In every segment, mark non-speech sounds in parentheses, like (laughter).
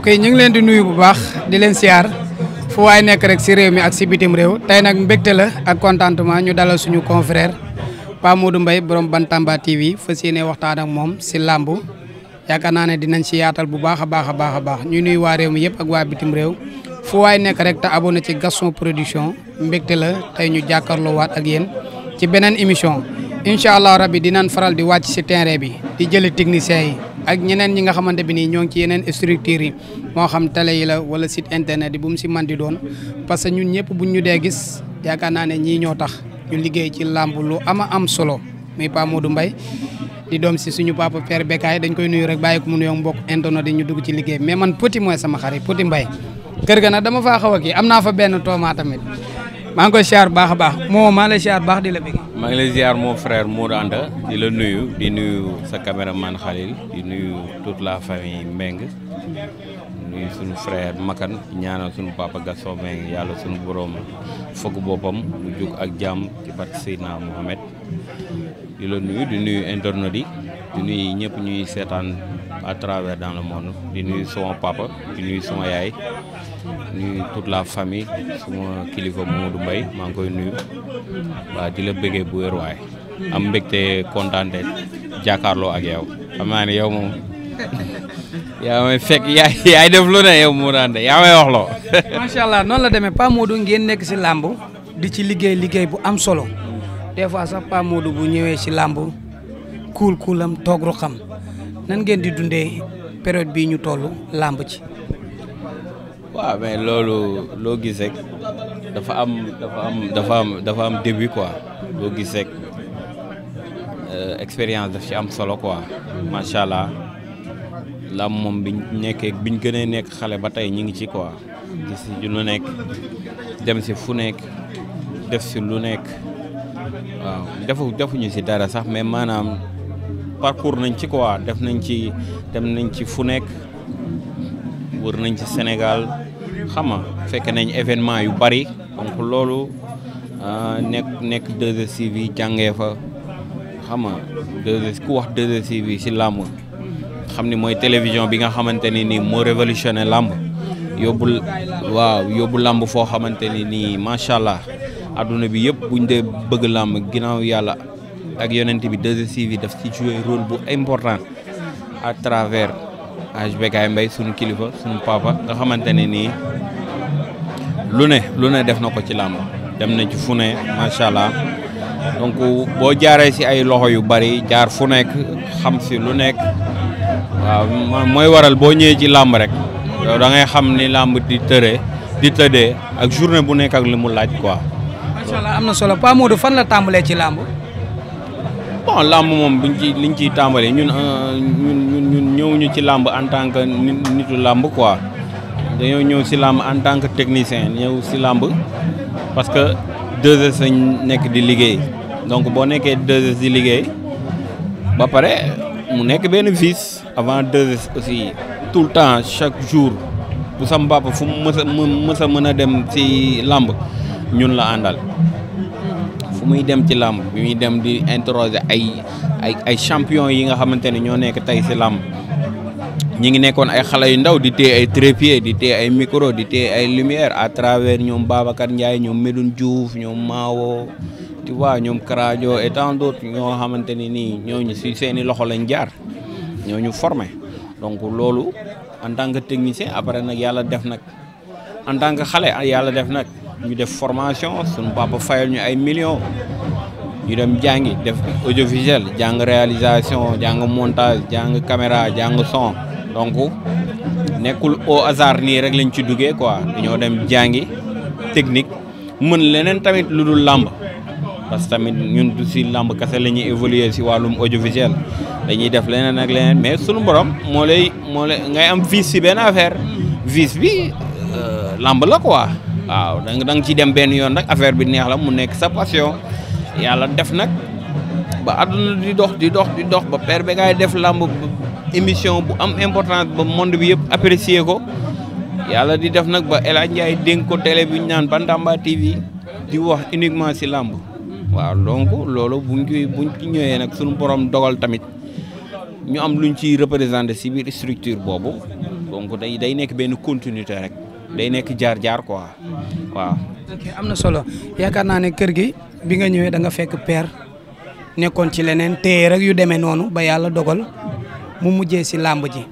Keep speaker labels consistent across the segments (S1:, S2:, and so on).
S1: ok ñu ngi leen di nuyu bu baax di leen siyaar fu waay nekk rek si réew mi ak si bitim réew tey nag mbégte la ak contentement ñu dalal suñu confrère Pa Modou Mbaye borom Bantamba TV fas yéene waxtaan ak moom si làmb yaakaar naa ne dinañ si yaatal bu baax a baax a baax a baax ñu nuyu waa réew mi yëpp ak waa bitim réew fu waay nekk rek te na ci Gaston Production mbégte la tey ñu jàkkaarloo waat ak yéen ci beneen émission incha allah rabi dinañ faral di wàcc si terrain bi di jëli techniciens yi. ak ñeneen ñi nga xamante bi nii ñoo ngi ci yeneen structures yi moo xam télé yi la wala site internet yi bu mu si man di doon parce que ñun ñëpp bu ñu dee gis yaakaar naa ne ñii ñoo tax ñu liggéey ci làmb lu ama am solo muy Pa du mbay di doom si suñu papa père Bekaay dañ koy nuyu rek bàyyi ko mu nuyoo mbokk internet yi ñu dugg ci liggéey mais man Petit mooy sama xarit Petit mbay kër ga nag dama faa xaw a kii am naa fa benn tooma tamit maa ngi koy baax a baax moo maa lay siyaar baax di la bëgg.
S2: maa ngi lay siyaar mon frère Modou di la nuyu di nuyu sa caméraman Khalil di nuyu toute la famille Mbengue nuyu suñu frère Makan ñaanal suñu papa Gaston Mbengue yàlla suñu borom fëgg boppam mu jug ak jàmm ci barke Seydina Mohamed di la nuyu di nuyu internet di nuyu ñëpp ñuy seetaan à travers dans le monde di nuyu sama papa di nuyu sama yaay nuyu toute la famille suma kilifa Modou Mbaye maa ngi koy nuyu waa di la bëggee bu wér waay am mbégte kontaan te jàkkaarloo ak yow xam naa moom. yaa may fekk yaa yaay def lu ne yow Mourane yaa may wax loo.
S1: (laughs) macha allah noonu la demee Pa Modou ngeen nekk si làmb di ci liggéey liggéey bu am solo des fois sax Pa Modou bu ñëwee si làmb kuul kuulam toog ru xam nan ngeen di dundee période bii ñu toll làmb ci.
S2: waaw mais loolu loo gis rek dafa am dafa am dafa am dafa quoi loo gis rek euh, expérience daf ci am solo quoi macha allah. làmb moom biñ nekkee biñ gënee nekk xale ba tey ñu ngi ci quoi gis ci lu nekk dem si fu nekk def si lu nekk waaw defu defuñu si dara sax mais maanaam parcours nañ ci quoi def nañ ci dem nañ ci fu nekk wër nañ ci Sénégal xam nga fekk nañ événement yu bari donc loolu ah, nekk nekk 2 bi jàngee fa xam nga 2STV ku wax 2STV si làmb xam ni mooy télévision bi nga xamante ni nii moo révolutionné làmb yóbbu waaw yóbbu làmb foo xamante ni nii macha allah adduna bi yëpp buñ dee bëgg làmb ginnaaw yàlla ak yonent bi 2STV daf si jouer rôle bu important à travers HBK Mbaye suñu kilifa suñu papa nga xamante ne nii lu ne lu ne def na ko ci làmb dem na ci fu ne macha allah donc boo jaaree si ay loxo yu bari jaar fu nekk xam si lu nekk. waaw mooy waral boo ñëwee ci làmb rek yow da xam ni làmb di tëree di tëddee ak journée bu nekk ak li mu laaj quoi.
S1: macha am na solo Pa Modou fan la tàmbalee ci làmb.
S2: bon làmb moom buñ ci liñ ciy tàmbalee ñun euh, ñun ñun ñëwuñu ci làmb en tant que nitu làmb quoi dañoo ñëw si làmb en tant que technicien ñëw si làmb parce que 2S nekk di liggéey donc boo nekkee 2S di liggéey ba pare. mu nekk benn vice avant deux s aussi tout le temps chaque jour bu sama papa fu mu mësa a mës mën a dem ci làmb ñun la àndal fu muy dem ci làmb bi muy dem di interroger ay ay ay champion yi nga xamante ne ñoo nekk tey si làmb ñi ngi nekkoon ay xale yu ndaw di téye ay trépied di téye ay micro di téye ay lumière à travers ñoom Babacar Ndiaye ñoom Medoune Diouf ñoom Mawo tu ñoom Karajo et tant d'autres ñoo xamante ni nii ñu si seeni loxo lañ jaar ñoo ñu formé donc loolu en tant que technicien après nag yàlla def nag en tant que xale yàlla def nag ñu def formation suñu papa fayal ñu ay millions ñu dem jàngi def audiovisuel jàng réalisation jàng montage jàng caméra jàng son donc nekkul au hasard nii rek lañ ci duggee quoi ñoo dem jàngi technique mën leneen tamit lu dul làmb parce que tamit ñun du si làmb kese la ñuy évoluer si wàllum audiovisuel dañuy def leneen ak leneen mais sunu borom moo lay moo lay ngay am vice si benn affaire vice bi euh, làmb la quoi waaw da nga da nga ciy dem benn yoon nag affaire bi neex la mu nekk sa passion yàlla def nag ba àdduna di dox di dox di dox ba père bi ngay def làmb émission bu am importance ba monde bi yëpp apprécier ko yàlla di def nag ba El Hadj Ndiaye dénk ko télé bi ñu naan Bantamba TV di wax uniquement si làmb waaw donc loolu bu koy buñ ci ñëwee nag suñu borom dogal tamit ñu am luñ ciy représenté si biir structure boobu donc day day nekk benn continuité rek day nekk jaar-jaar quoi waaw.
S1: ok am na solo yaakaar naa ne kër gi bi nga ñëwee danga fekk père nekkoon ci leneen téye rek yu demee noonu ba yàlla dogal mu mujjee si làmb ji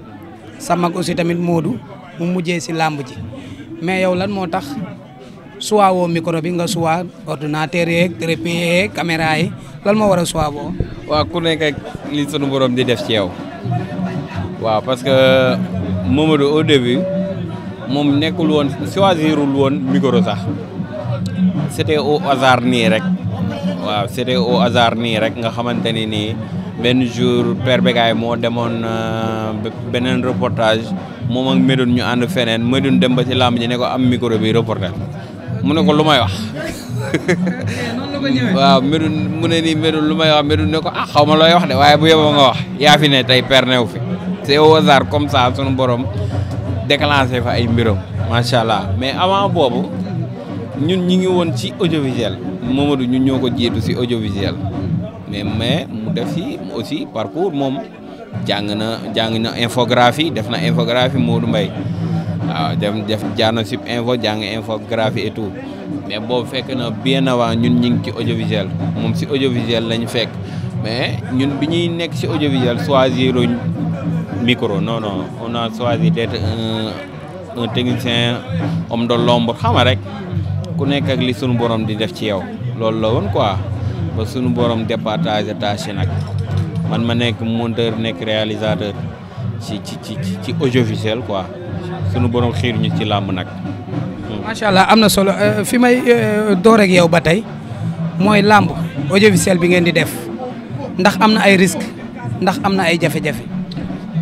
S1: sa mag aussi tamit Modou mu mujjee si làmb ji mais yow lan moo tax. suwaa woo micro bi nga suwaa ordinateur yeeg trépied yeeg caméra yi lan moo war a suwaa waa
S2: waaw ku nekk ak li sunu borom di def ci yow. waaw parce que Momadou au début moom nekkul woon choisirul woon micro sax c'était au hasard nii rek. waaw c'était au hasard nii rek nga xamante ni nii benn jour Père Bégaay moo demoon euh, beneen reportage moom ak Médoune ñu ànd feneen Médoune dem ba ci làmb ñu ne ko am micro bi reporter mu ne ko lu may wax waaw mbiru mu ne nii mbiru lu may wax mbiru ne ko ah xaw ma looy wax de waaye bu yeboo nga wax yaa fi ne tey perne wu fi c'est au hasard comme ça sunu borom déclenché fa ay mbiram macha allah mais avant boobu ñun ñi ngi woon ci audiovisuel Mamadou ñun ko jiitu si audiovisuel mais mais mu def si aussi parcours moom jàng na jàng na infographie def na infographie Modou Mbaye waaw dem def jaar na sub info jàng infographie et tout mais boobu fekk na bien avant ñun ñu ngi ci audiovisuel moom si audiovisuel lañ fekk mais ñun bi ñuy nekk si audiovisuel choisir micro non non on a choisi d'être un technicien homme de l'ombre rek ku nekk ak li sunu borom di def ci yow loolu la woon quoi ba sunu borom départage tâche nag man ma nekk monteur nekk réalisateur. ci ci ci ci quoi sunu borom xiir ñu ci làmb nag. macha allah am na solo euh, fi
S1: may euh, door ak yow ba tey mooy làmb audiovisuel bi ngeen di def ndax am na ay risque ndax am na ay jafe-jafe.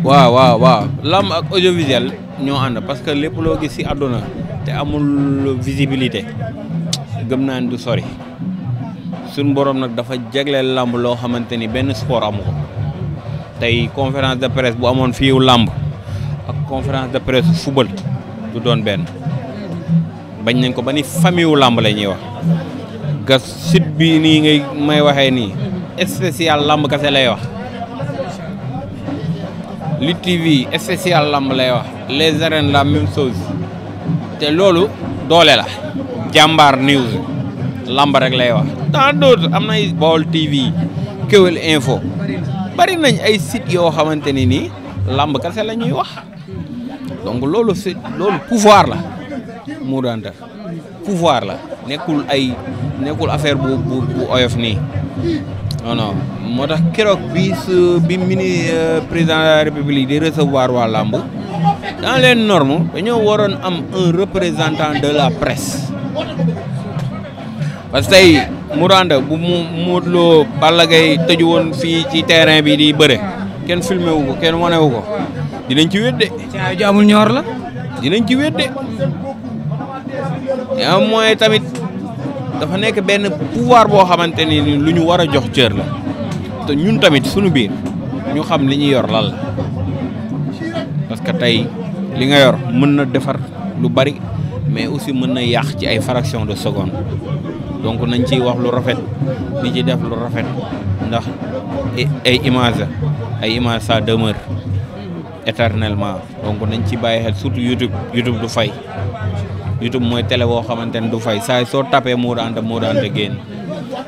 S2: waaw waaw waaw làmb ak audiovisuel ñoo ànd parce que lépp loo gis ci àdduna te amul visibilité gëm naa ni du sori sunu borom nag dafa jagleel làmb loo xamante ni benn sport amu tey conférence de presse bu amoon fiiw làmb ak conférence de presse football du doon benn bañ nañ ko ba ni famille wu làmb la ñuy wax gas sit bi nii ngay may waxee nii spécial làmb kase lay wax li TV spécial làmb lay wax les arènes la même chose te loolu doole la jàmbaar news làmb rek lay wax tant d'autres am na Baol TV Kewel Info bari nañ ay sites yoo xamante ni nii làmb kese la ñuy wax donc loolu si loolu pouvoir la mu Mour Anta pouvoir la nekkul ay nekkul affaire bu bu bu oyof nii non moo tax keroog bi su bi mini euh, président de la république di recevoir waa làmb dans les dañoo waroon am un représentant de la presse parce que Mouranda bu mu Modou Lo Balla tëju woon fii ci terrain bi di bëre kenn filmé wu ko kenn wane wu ko dinañ ci wedde. caa amul ñor la. dinañ ci wedde yaa mooy tamit dafa nekk benn pouvoir boo xamante ni lu ñu war a jox cër la te ñun tamit suñu biir ñu xam li ñu yor lal la parce que tey li nga yor mën na defar lu bari mais aussi mën na yàq ci ay fraction de seconde. donc nañ ciy wax lu rafet di ci def lu rafet ndax ay image ay image ça demeure éternellement donc nañ ci bàyyi xel surtout YouTube YouTube du fay YouTube mooy télé boo xamante ne du fay saay soo tapee Modou Anta Modou Anta génn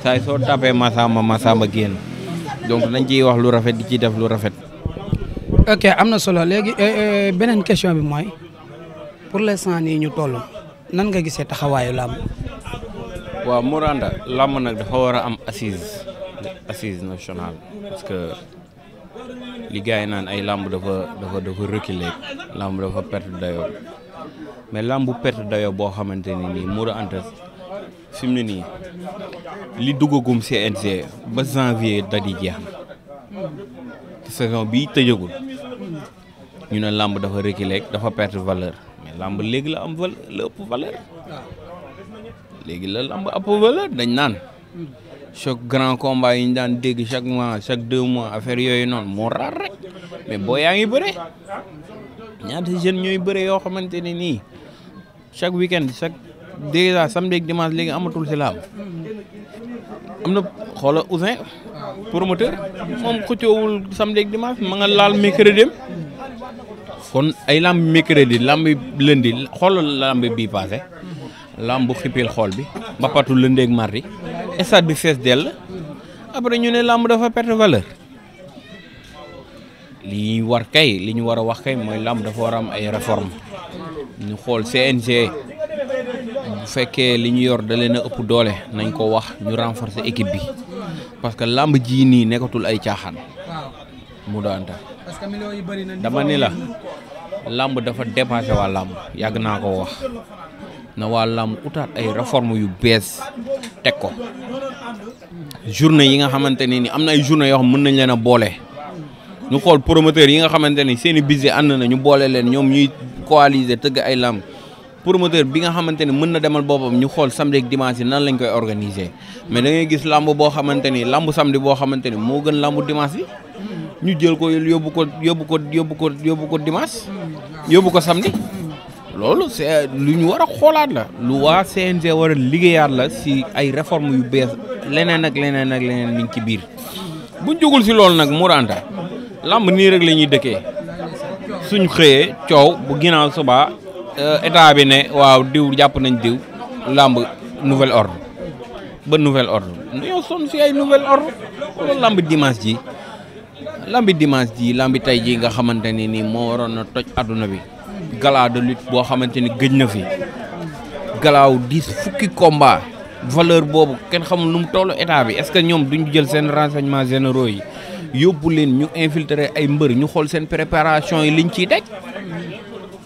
S2: saay soo tapee Massamba Massamba génn donc nañ ciy wax lu rafet di ci def lu rafet.
S1: ok am na solo léegi eh, eh, beneen question bi mooy pour sants nii ñu toll nan nga gisee taxawaayu làmb
S2: waaw Moranda làmb nag dafa war a am assise assise nationale parce que li gars yi naan ay làmb dafa dafa dafa reculer làmb dafa perte dayo mais làmb bu perte dayoo boo xamante ne nii Moura Anta fi mu ne nii li duggagum CNG ba janvier da di jeex na te saison bii tëjagul ñu ne làmb dafa reculer dafa perte valeur mais làmb léegi la am valeur la ëpp valeur. léegi la lamb approuvé la dañ naan chaque grand combat yi ñu daan dégg chaque mois chaque deux mois affaire yooyu noonu moo raar rek mais boo yaa ngi bëre ñaata jeunes ñooy bëre yoo xamante ne nii chaque weekend chaque déjà samedi ak dimanche léegi amatul si laam am na xoola Ousin promoteur moom xëccoowul samedi ak dimanche ma nga laal mercredi kon ay lamb mercredi lamb lundi xoolal lamb bi passé lambu xippil xool bi mbappatu lëndéeg mardi stade bi fees dell après ñu ne làmb dafa perte valeur li ñu war kay li ñu war a wax kay mooy làmb dafa war am ay réforme ñu xool CNG bu fekkee li ñu yor da leen a ëpp doole nañ ko wax ñu renforcer équipe bi parce que làmb jii nii nekkatul ay caaxaan mu daanta dama ni la làmb dafa dépassé waa lamb yàgg naa ko wax na waa làmb utaat ay réforme yu bees teg ko journée yi nga xamante ne ni am na ay journée yoo xam mën nañ leen a boole ñu xool promoteur yi nga xamante ni seen i budget ànd na ñu boole leen ñoom ñuy coaliser tëgg ay làmb promoteur bi nga xamante ni mën na demal boppam ñu xool samedi ak dimanche nan lañ koy organiser mais da gis làmb boo xamante ni làmb samedi boo xamante ni moo gën làmb dimanche bi ñu jël ko yóbbu ko yóbbu ko yóbbu ko yóbbu ko dimanche yóbbu ko samedi loolu c'est lu ñu war a xoolaat la lu waa CNG war a liggéeyaat la si ay réformes yu bees leneen ak leneen ak leneen mi ci biir buñ jógul si loolu nag Mouranta làmb nii rek lañuy dëkkee suñ xëyee coow bu ginnaaw suba euh, état bi ne waaw diw jàpp nañ diw làmb nouvelle ordre ba nouvel ordre ñoo sonn si ay nouvel ordre wala lamb dimanche ji lambi dimanche ji tey ji nga xamante ne nii moo waroon a toj àdduna bi gala de lutte boo xamante ni gëj na fi galaaw dix fukki combat valeur boobu kenn xamul nu mu tollu état bi est-ce que ñoom duñu jël seen renseignements généraux yi yóbbu leen ñu infiltrer ay mbër ñu xool seen préparation yi liñ ciy daj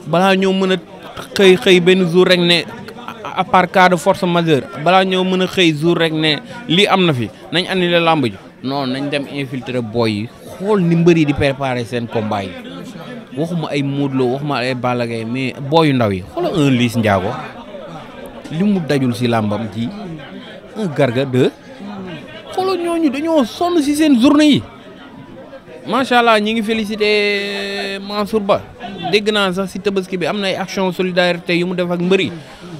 S2: balaa ñoo mën a xëy xëy benn jour rek ne à part cas de force majeure balaa ñoo mën a xëy jour rek ne lii am na fi nañ annulé làmb ji noonu nañ dem infiltrer boy yi xool ni mbër yi di préparer seen combat yi. waxuma ay Modou Lo waxuma ay Balla mais booyu ndaw yi xoola un Liss Ndiago li mu dajul si làmbam ji un Garga 2 xoola ñooñu dañoo sonn si seen journée yi macha allah ñi ngi félicité Mansour Ba dégg naa sax si tabaski bi am na ay action solidarité yu mu def ak mbëri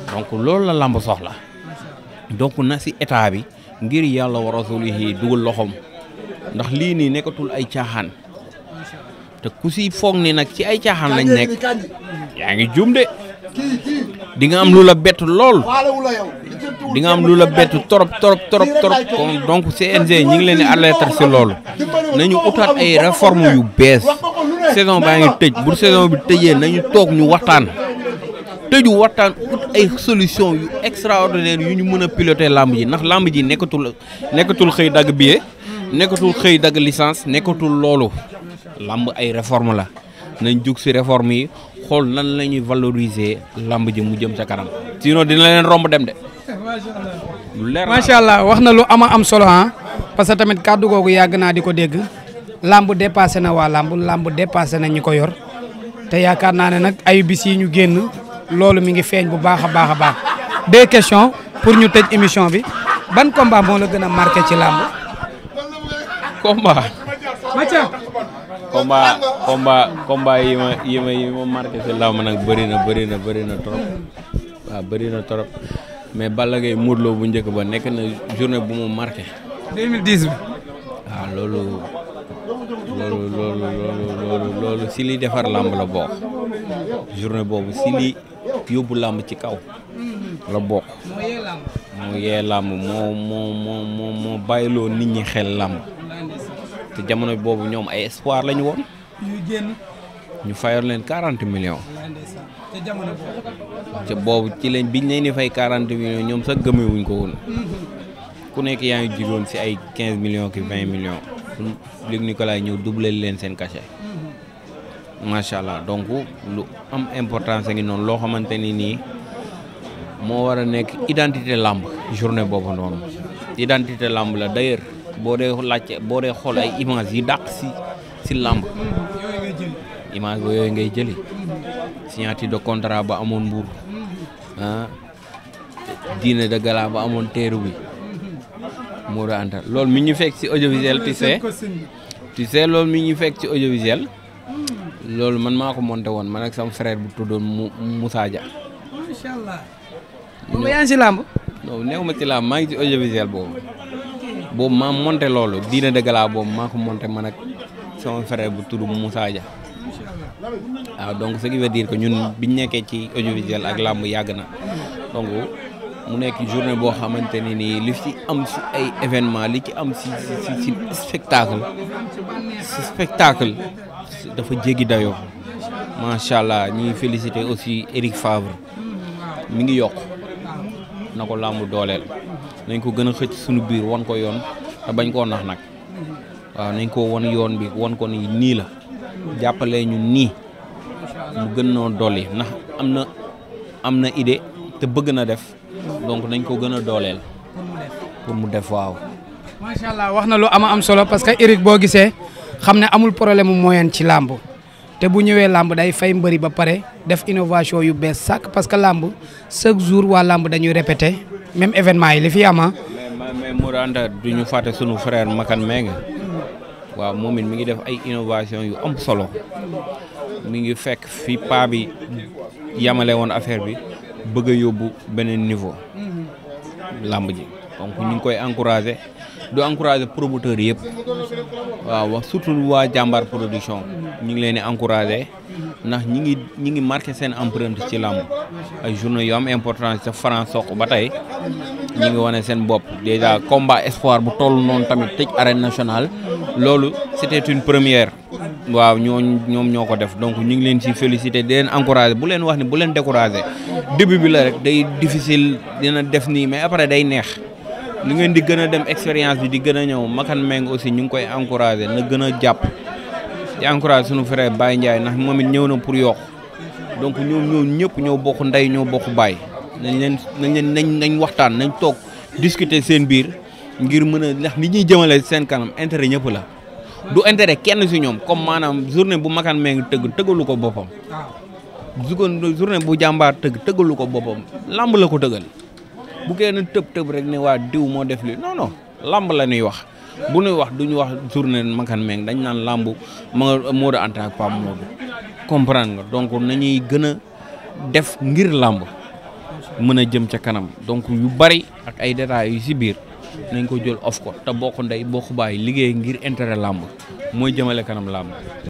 S2: donc loolu la làmb soxla donc na si état bi ngir yàlla wa rasulihi dugal loxoom ndax lii nii nekkatul ay caaxaan. te ku si foog ni nag ci ay caaxaan lañu nekk yaa ngi juum de di nga am lu la bett lool di nga am lu la bett torop torop torop torop donc CNG ñi ngi leen di alerter si loolu nañu utaat ay réforme yu bees
S1: saison baa ngi tëj bu
S2: saison bi tëjee nañu toog ñu waxtaan tëju waxtaan ut ay solution yu extraordinaire yu ñu mën a piloter làmb ji ndax làmb ji nekkatul nekkatul xëy dagg billet nekkatul xëy dagg licence nekkatul loolu làmb ay réforme la nañ jug si réforme yi xool nan la ñuy valoriser làmb ji mu jëm sa kanam sinon dina leen romb dem de. macha
S1: allah wax na lu ama am solo ah parce que tamit kàddu googu yàgg naa di ko dégg làmb dépassé na waa làmb làmb dépassé na ñi ko yor te yaakaar naa ne nag ayu bis yi ñu génn loolu mi ngi feeñ bu baax a baax a baax deux questions pour ñu tëj émission bi ban combat moo la gën a marqué ci làmb
S2: combat. combat combat combat yi ma yi ma yi si làmb nag bëri na bëri na bëri na trop waaw bëri na trop mais bala Gaye Modou bu njëkk ba nekk na journée bu mu marqué. loolu loolu loolu loolu si li defar làmb la bokk journée boobu si li yóbbu làmb ci kaw. la bokk. moo yee làmb moo moo moo moo moo bàyyiloo nit ñi xel làmb. te jamono boobu ñoom ay espoir lañu woon. ñu génn. ñu fayoon leen quarante millions. te boobu. ci leen biñ leen di fay quarante millions ñoom sax gëmewuñ ko woon. Mm-hmm. ku nekk yaa ngi jigoon si ay quinze million ki vingt millions. Luc Nicolaï ñëw doublé leen seen cachet.
S1: Mm-hmm.
S2: macha allah donc lu am importance ngi noonu loo xamante ni nii moo war a nekk identité làmb journée boobu noonu. identité làmb la d'ailleurs boo dee laajte boo dee xool ay image yi dàq si si làmb image ba yooyu ngay jëli signature de contrat bu amoon mbuur ah. diine dîner de gala ba amoon teeru bi moo doon àndal loolu mi ñu fekk si audiovisuel tu sais tu sais loolu mi ñu fekk si audiovisuel loolu man maa ko monté woon man ak sama bu tuddoon mu Moussa Dia.
S1: macha allah. yaa ngi si làmb.
S2: ma ci làmb maa ngi si audiovisuel boobu. boobu maa monté loolu diine de gala boobu maa ko monté man ak sama frère bu tudd Moussa Dia waaw donc ce qui veut dire que ñun biñ nekkee ci audiovisuel ak làmb yàgg na donc mu nekk journée boo xamante ne nii li ci am si ay événement li ci am si si si spectacle si spectacle dafa jéggi dayoo macha allah ñuy félicité aussi Eric Favre mi ngi yokk na ko làmb dooleel. nañ ko gën a xëcc suñu biir wan ko yoon te bañ koo nax nag waaw nañ ko wan yoon bi wan ko ni nii la jàppalee ñu nii mu gën noo dolli ndax am na am na idée te bëgg na def donc nañ ko gën a dooleel pour mu def waaw
S1: macha allah wax na lu ama am solo parce que Eric boo gisee xam ne amul problème mu moyen ci làmb te bu ñëwee làmb day fay mbëri ba pare def innovation yu bees sàkk parce que làmb chaque jour waa làmb dañuy répété même événement yi li fi am ah.
S2: mais mais Modou du ñu fàtte sunu frère Makan Mbengue waaw moom it mi ngi def ay innovation yu am solo mi ngi fekk fi paa bi yamale woon affaire bi bëgg a yóbbu beneen niveau làmb ji donc ñu ngi koy encouragé du encouragé promoteur yëpp waaw wax surtout waa jàmbaar production ñu ngi leen di encouragé ndax ñi ngi ñi ngi marqué seen empreinte ci làmb ay journée yu am importance ca France soq ba tey ñi ngi wane seen bopp déjà combat espoir bu toll noonu tamit tëj arène national loolu c'était une première waaw ñooñu ñoom ñoo ko def donc ñu ngi leen ci félicité di leen encourager bu leen wax ni bu leen décourager début bi la rek day difficile dina def nii mais après day neex li ngeen di gën a dem expérience bi di gën a ñëw Makan Meng aussi ñu ngi koy encourager na gën a jàpp di sunu frère Baye Ndiaye ndax moom it ñëw na pour yokk donc ñoom ñoo ñëpp ñëw bokk ndey ñëw bokk baay nañ leen nañ leen nañ nañ waxtaan nañ toog discuter seen biir ngir mën a ndax li ñuy jëmale seen kanam intérêt ñëpp la du intérêt kenn si ñoom comme maanaam journée bu makaan mee ngi tëgg tëggalu ko boppam jugoon journée bu jàmbaar tëgg tëggalu ko boppam lamb la ko tëggal bu kenn tëb tëb rek ne waa diw moo def li non non la ñuy wax bu ñuy wax du ñu wax journée Makan Meng dañ naan làmb ma Modou Anta ak Pape Modou comprendre nga donc nañuy gën a def ngir làmb mën a jëm ca kanam donc yu bari ak ay détails si biir nañ ko jël of ko te bokk ndey bokk bàyyi liggéey ngir intere làmb mooy jëmale kanam làmb